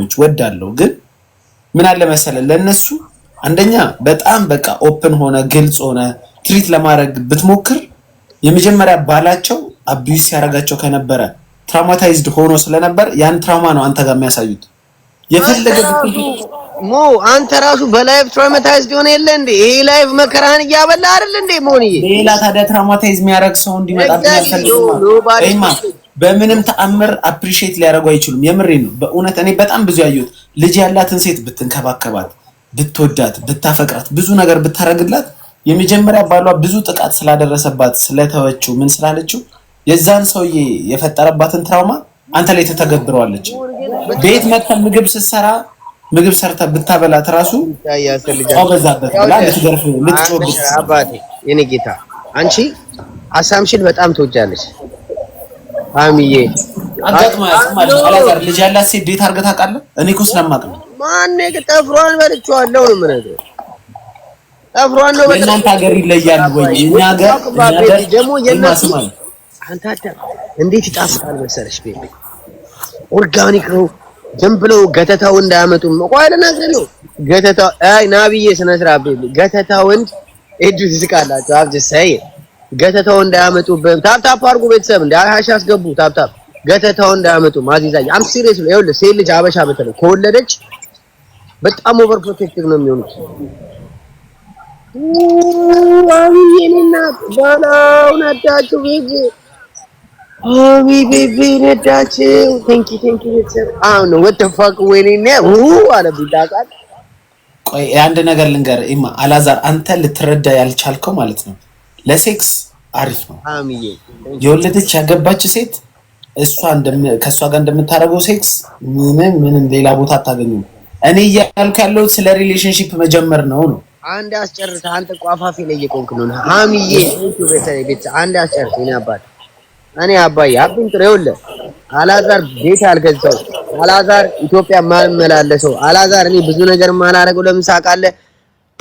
ዘፋኞች ወዳለው ግን ምን አለ መሰለ ለነሱ አንደኛ በጣም በቃ ኦፕን ሆነ ግልጽ ሆነ ትሪት ለማድረግ ብትሞክር የመጀመሪያ ባላቸው አቢዩስ ሲያደርጋቸው ከነበረ ትራውማታይዝድ ሆኖ ስለነበር ያን ትራውማ ነው አንተ ጋር የሚያሳዩት። የፈለገ ሞ አንተ ራሱ በላይቭ ትራውማታይዝድ ሆነ የለ እንዴ? ይሄ ላይቭ መከራን እያበላ አይደል እንዴ? ሞኒ ሌላ ታዲያ ትራውማታይዝ የሚያደርግ ሰው እንዲመጣ በምንም ተአምር አፕሪሼት ሊያደርጉ አይችሉም። የምሬ ነው። በእውነት እኔ በጣም ብዙ ያየሁት ልጅ ያላትን ሴት ብትንከባከባት፣ ብትወዳት፣ ብታፈቅራት፣ ብዙ ነገር ብታረግላት የመጀመሪያ ባሏ ብዙ ጥቃት ስላደረሰባት ስለተወችው፣ ምን ስላለችው የዛን ሰውዬ የፈጠረባትን ትራውማ አንተ ላይ ተተገብረዋለች። ቤት መጥታ ምግብ ስትሰራ ምግብ ሰርተ ብታበላት ራሱ በዛበት ብላ ልትገርፍ አባቴ የኔ ጌታ አንቺ አሳምሽን በጣም ትወጃለች አሚዬ ልጅ ያላት ሴት ዴት አድርገህ ታውቃለህ? እኔ እኮ ስለማውቅ ነው። ማነው ጠፍሯን በልቼዋለሁ ነው የምነግርህ። ጠፍሯን ነው በልቼዋለሁ። እናንተ ሀገር ይለያል ወይ? እኛ ሀገር ደግሞ የእናሱ አንተ አዳም እንዴት ይጣፍጣል መሰለሽ። ቤት ኦርጋኒክ ነው። ዝም ብለው ገተታው እንዳያመጡ ቆይ ልነግርህ ነው። ገተታው አይ ናብዬ ስነ ስራ ቤት ገተታው እንድ ኤዱ ዝቃላቸው አብ ሳይ ገተተው እንዳያመጡብን ታፕታፕ አድርጉ። ቤተሰብ እንደ አልሀሽ አስገቡ። ታፕታፕ ገተተው እንዳያመጡ ማዚዛዬ አም ሲሪየስ ነው። ይኸውልህ ሴት ልጅ አበሻ በተለይ ከወለደች በጣም ኦቨር ፕሮቴክቲቭ ነው የሚሆኑት። አሚኔና ባላው ነዳችሁ ቤቢ አሚ ቤቢ ነዳችሁ። ቴንኪ ቴንኪ ቤተሰብ አሁን ወደ ፋቅ ወይኔ ኡ አለብኝ ዳቃት። ቆይ አንድ ነገር ልንገር፣ ኢማ አላዛር፣ አንተ ልትረዳ ያልቻልከው ማለት ነው ለሴክስ አሪፍ ነው። የወለደች ያገባች ሴት እሷ ከእሷ ጋር እንደምታደርገው ሴክስ ምንም ምንም ሌላ ቦታ አታገኙም። እኔ እያልኩ ያለው ስለ ሪሌሽንሽፕ መጀመር ነው ነው አንድ አስጨርስ። አንተ ቋፋፊ ላይ እየቆንክ ነው ሀሚዬ። ቤት አንድ አስጨርስ። እኔ አባት እኔ አባዬ አብን ጥሬ ይኸውልህ፣ አላዛር ቤት አልገዛው አላዛር ኢትዮጵያ ማመላለሰው አላዛር እኔ ብዙ ነገር ማላረገው ለምሳቃለ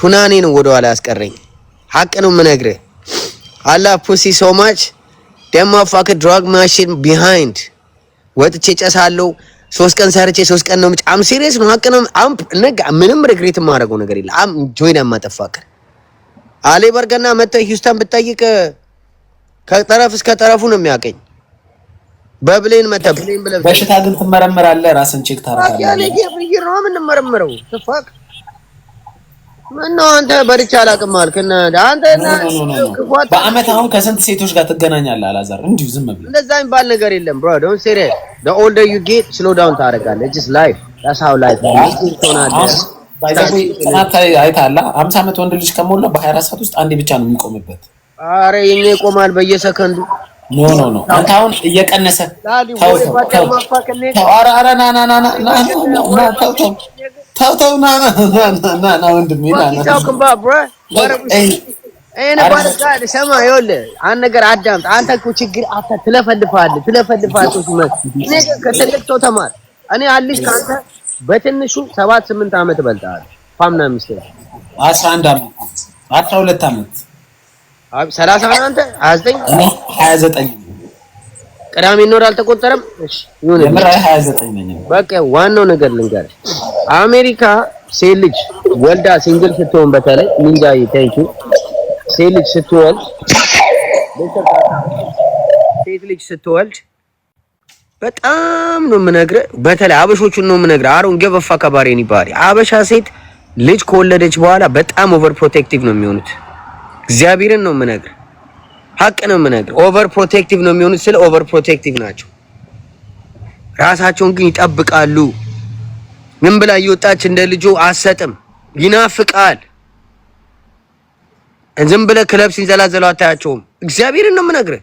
ቱናኔ ነው ወደኋላ ያስቀረኝ። ሀቅ ነው የምነግርህ አላ ፑሲ ሶ ማች ደማ ፋክ ድራግ ማሽን ቢሃይንድ ወጥቼ ጨሳለው። ሶስት ቀን ሰርቼ ሶስት ቀን ነው ምጫም ሲሪየስ ነው ሀቅ ነው። አም ነገ ምንም ሪግሬት ማድረገው ነገር የለ አም ጆይና ማጠፋከ አሌ በርገና መተ ሂውስተን ብጠይቅ ከጠረፍ እስከ ጠረፉ ነው የሚያቀኝ። በብሌን መተ ብሌን በሽታ ግን ትመረምራለህ፣ ራስን ቼክ ታደርጋለህ። ያለ ይሄ ነው የምንመረምረው ተፋክ ምነው አንተ በልቼ አላውቅም አልክ። አንተ በአመት አሁን ከስንት ሴቶች ጋር ትገናኛለህ? አላዛር እንዲሁ ዝም ብለህ እንደዛ የሚባል ነገር የለም። ብሮ ዶንት ሴሪ ዘ ኦልደር ዩ ጌት ስሎ ዳውን ታደርጋለህ። ኢትስ ላይፍ ዳትስ ሃው ላይፍ ኢዝ። ጥናት አይተሃል? አምሳ ዓመት ወንድ ልጅ ከሞላ በሀያ አራት ሰዓት ውስጥ አንዴ ብቻ ነው የሚቆምበት። አረ የኛ ይቆማል በየሰከንዱ ኖ ኖ ኖ አንተ አሁን እየቀነሰ ተው ተው ተው። አረ ኧረ ና ና ና ና ተው ተው Tell them no, no, no, ወንድሜ What you talking about, bro? What ሰማ ይኸውልህ፣ አንድ ነገር አዳምጥ። አንተ እኮ ችግር አታ ትለፈልፋለህ፣ ትለፈልፋለህ። ሲመት ነገ ከትልቅ ሰው ተማር። እኔ አልሽ ካንተ በትንሹ ሰባት ስምንት ዓመት እበልጥሃለሁ። ፋምና ሚስት አስራ አንድ ዓመት አስራ ሁለት ዓመት ሰላሳ አንተ ሀያ ዘጠኝ ሀያ ዘጠኝ ቅዳሜ ይኖር አልተቆጠረም። እሺ ይሁን፣ ሀያ ዘጠኝ በቃ ዋናው ነገር ልንገርህ አሜሪካ ሴት ልጅ ወልዳ ሲንግል ስትሆን በተለይ ሚንጋ ይታይቱ ሴት ልጅ ስትወልድ ሴት ልጅ ስትወልድ በጣም ነው የምነግርህ። በተለይ አበሾቹን ነው የምነግርህ። አሮን ገበፋ ከባሪ ኒባሪ አበሻ ሴት ልጅ ከወለደች በኋላ በጣም ኦቨር ፕሮቴክቲቭ ነው የሚሆኑት። እግዚአብሔርን ነው የምነግርህ፣ ሀቅ ነው የምነግርህ። ኦቨር ፕሮቴክቲቭ ነው የሚሆኑት። ስለ ኦቨር ፕሮቴክቲቭ ናቸው። ራሳቸውን ግን ይጠብቃሉ። ምን ብላ እየወጣች እንደ ልጁ አሰጥም ይናፍቃል። ዝም ብለህ ክለብ ሲንዘላዘሉ አታያቸውም። እግዚአብሔርን ነው የምነግርህ።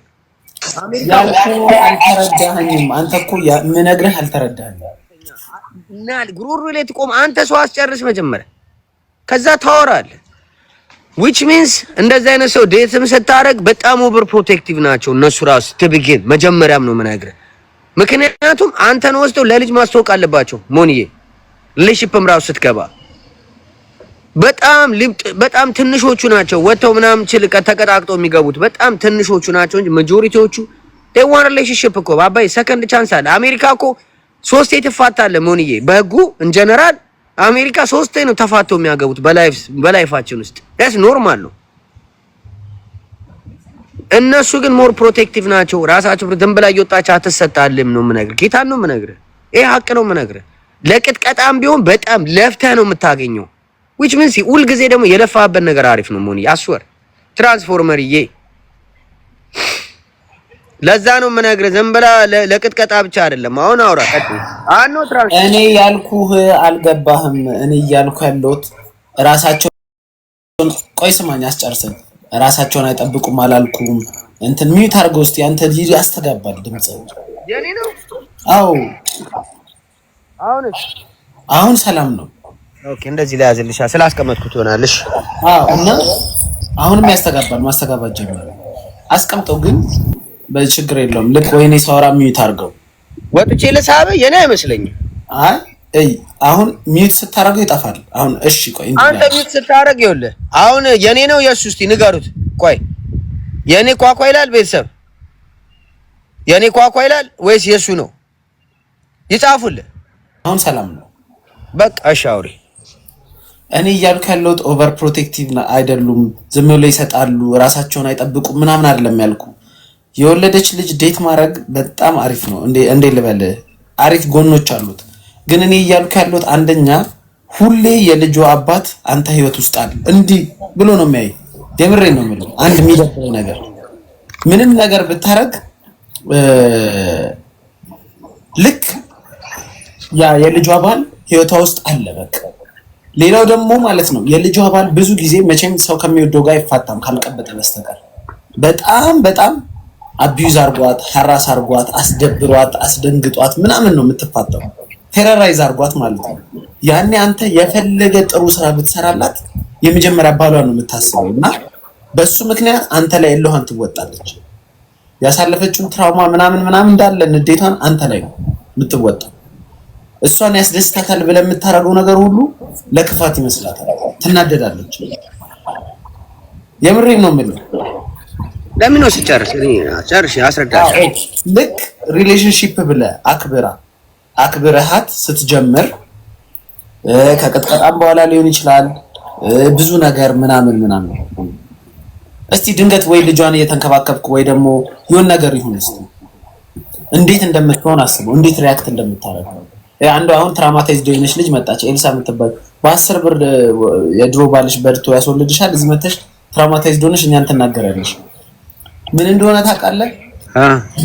አልተረዳኸኝም። አንተ እኮ የምነግርህ አልተረዳኸኝም። እና ጉሮሮ ላይ ትቆም። አንተ ሰው አስጨርስ መጀመሪያ፣ ከዛ ታወራለህ። ዊች ሚንስ እንደዚህ አይነት ሰው ዴትም ስታደርግ በጣም ኦቨር ፕሮቴክቲቭ ናቸው እነሱ ራሱ ትብጌን መጀመሪያም ነው የምነግርህ። ምክንያቱም አንተን ወስደው ለልጅ ማስታወቅ አለባቸው ሞንዬ ሪሌሽንሽፕም ራሱ ስትገባ በጣም ሊብጥ በጣም ትንሾቹ ናቸው ወጥተው ምናምን ችልቀ ተቀጣቅጦ የሚገቡት በጣም ትንሾቹ ናቸው እንጂ ማጆሪቲዎቹ ዴ ዋን ሪሌሽንሽፕ እኮ ባባይ ሰከንድ ቻንስ አለ። አሜሪካ እኮ ሶስቴ ትፋታለህ መሆንዬ በህጉ ጀነራል አሜሪካ ሶስቴ ነው ተፋተው የሚያገቡት በላይፍ በላይፋችን ውስጥ ዳስ ኖርማል ነው። እነሱ ግን ሞር ፕሮቴክቲቭ ናቸው። ራሳቸው ደንብ ላይ እየወጣች አትሰጣልም ነው የምነግርህ። ጌታን ነው የምነግርህ። ይሄ ሀቅ ነው የምነግርህ። ለቅጥቀጣም ቢሆን በጣም ለፍተህ ነው የምታገኘው። ዊች ምን ሲ ሁል ጊዜ ደግሞ የለፋህበት ነገር አሪፍ ነው መሆን አስወር ትራንስፎርመርዬ። ለዛ ነው የምነግርህ፣ ዝም ብላ ለቅጥቀጣ ብቻ አይደለም። አሁን አውራ አኖ እኔ ያልኩህ አልገባህም። እኔ እያልኩ ያለሁት ራሳቸውን ቆይ ስማኝ፣ አስጨርስን። ራሳቸውን አይጠብቁም አላልኩም። እንትን ሚዩት አድርገህ ውስጥ ያንተ ያስተጋባል ድምጽ። የኔ ነው? አዎ አሁን ሰላም ነው። ኦኬ፣ እንደዚህ ላይ ያዝልሻል ስላስቀመጥኩት ይሆናልሽ። አዎ፣ እና አሁንም ያስተጋባል። ማስተጋባት ጀመረ። አስቀምጠው ግን በችግር የለውም። ልክ ወይኔ ሳውራ ሚዩት አድርገው ወጥቼ ለሳበ የኔ አይመስለኝም። አይ እይ አሁን ሚዩት ስታረገው ይጠፋል። አሁን እሺ፣ ቆይ አንተ ሚዩት ስታረግ ይኸውልህ፣ አሁን የኔ ነው የእሱ። እስቲ ንገሩት። ቆይ የኔ ኳኳ ይላል ቤተሰብ፣ የኔ ኳኳ ይላል ወይስ የእሱ ነው? ይጻፉልህ አሁን ሰላም ነው። በቃ እሺ አውሪ። እኔ እያልኩ ያለሁት ኦቨር ፕሮቴክቲቭ አይደሉም፣ ዝም ብለው ይሰጣሉ፣ ራሳቸውን አይጠብቁም ምናምን አይደለም ያልኩ። የወለደች ልጅ ዴት ማድረግ በጣም አሪፍ ነው። እንዴ ልበል፣ አሪፍ ጎኖች አሉት። ግን እኔ እያልኩ ያለሁት አንደኛ ሁሌ የልጁ አባት አንተ ህይወት ውስጥ አለ እንዲህ ብሎ ነው የሚያይ። የምሬ ነው የምልህ። አንድ የሚደብረኝ ነገር ምንም ነገር ብታረግ ልክ ያ የልጇ ባል ህይወቷ ውስጥ አለ። በቃ ሌላው ደግሞ ማለት ነው የልጇ ባል ብዙ ጊዜ መቼም ሰው ከሚወደው ጋር አይፋታም ካልቀበጠ በስተቀር በጣም በጣም አቢዩዝ አርጓት፣ ሀራስ አርጓት፣ አስደብሯት፣ አስደንግጧት ምናምን ነው የምትፋተው ቴረራይዝ አርጓት ማለት ነው። ያኔ አንተ የፈለገ ጥሩ ስራ ብትሰራላት የመጀመሪያ ባሏ ነው የምታስበው እና በሱ ምክንያት አንተ ላይ ያለውን ትወጣለች። ያሳለፈችውን ትራውማ ምናምን ምናምን እንዳለ ንዴቷን አንተ ላይ ነው የምትወጣው። እሷን ያስደስታታል ብለህ የምታደርገው ነገር ሁሉ ለክፋት ይመስላታል፣ ትናደዳለች። የምሬን ነው የምልህ። ለምን ነው ሲጨርስ ጨርሽ አስረዳሽ። ልክ ሪሌሽንሺፕ ብለ አክብራ አክብረሃት ስትጀምር ከቅጥቀጣም በኋላ ሊሆን ይችላል ብዙ ነገር ምናምን ምናምን። እስቲ ድንገት ወይ ልጇን እየተንከባከብክ ወይ ደግሞ ይሁን ነገር ይሁን እስቲ እንዴት እንደምትሆን አስበው፣ እንዴት ሪያክት እንደምታደርገው አንዱ አሁን ትራማታይዝድ የሆነች ልጅ መጣች፣ ኤልሳ የምትባል በአስር ብር የድሮ ባልሽ በድቶ ያስወልድሻል። እዚህ መተሽ ትራማታይዝድ ሆነሽ እኛን ትናገራለሽ። ምን እንደሆነ ታውቃለህ?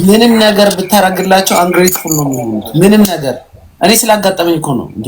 ምንም ነገር ብታረግላቸው አንግሬትፉል ነው የሚሆኑት። ምንም ነገር እኔ ስላጋጠመኝ እኮ ነው እንዴ